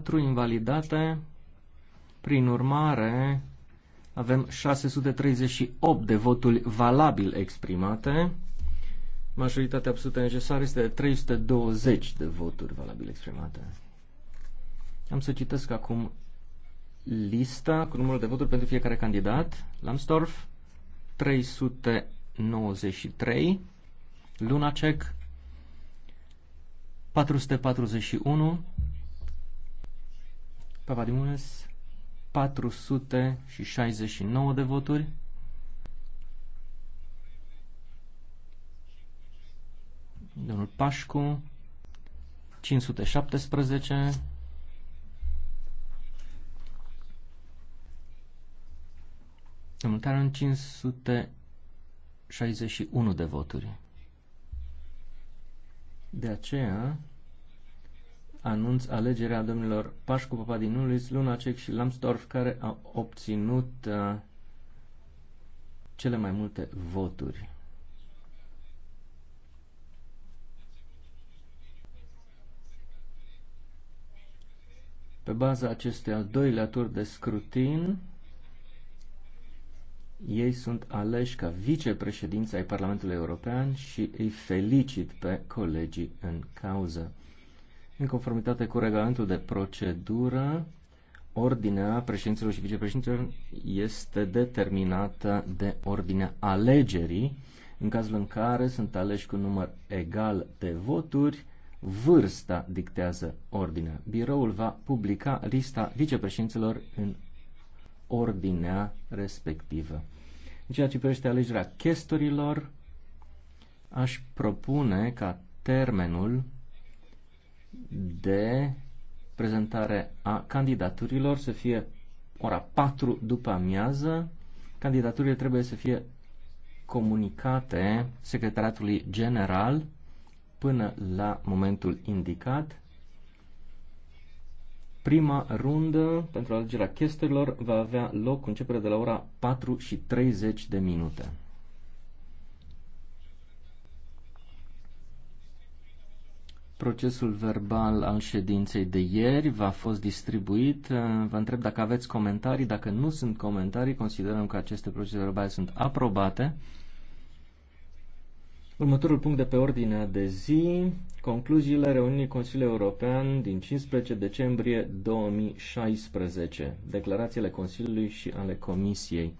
4 invalidate. Prin urmare, avem 638 de voturi valabil exprimate. Majoritatea absolută necesară este de 320 de voturi valabil exprimate. Am să citesc acum lista cu numărul de voturi pentru fiecare candidat. Lambsdorff 393, Lunacek 441, Papadimules, 469 de voturi. Domnul Pașcu, 517. Domnul Taran, 561 de voturi. De aceea, anunț alegerea domnilor Pașcu Papadinulis, Lunacek și Lambsdorff, care au obținut uh, cele mai multe voturi. Pe baza acestui al doilea tur de scrutin, ei sunt aleși ca vicepreședinți ai Parlamentului European și îi felicit pe colegii în cauză. În conformitate cu regulamentul de procedură, ordinea președinților și vicepreședinților este determinată de ordinea alegerii, în cazul în care sunt aleși cu număr egal de voturi, vârsta dictează ordinea. Biroul va publica lista vicepreședinților în ordinea respectivă. În ceea ce privește alegerea chestorilor, aș propune ca termenul de prezentare a candidaturilor să fie ora 4 după amiază. Candidaturile trebuie să fie comunicate secretariatului general până la momentul indicat. Prima rundă pentru alegerea chesterilor va avea loc începere de la ora 4 și 30 de minute. Procesul verbal al ședinței de ieri v-a fost distribuit. Eh, Vă întreb dacă aveți comentarii. Dacă nu sunt comentarii, considerăm că aceste procese verbale sunt aprobate. Următorul punct de pe ordinea de zi, concluziile reuniunii Consiliului European din 15 decembrie 2016, declarațiile Consiliului și ale Comisiei.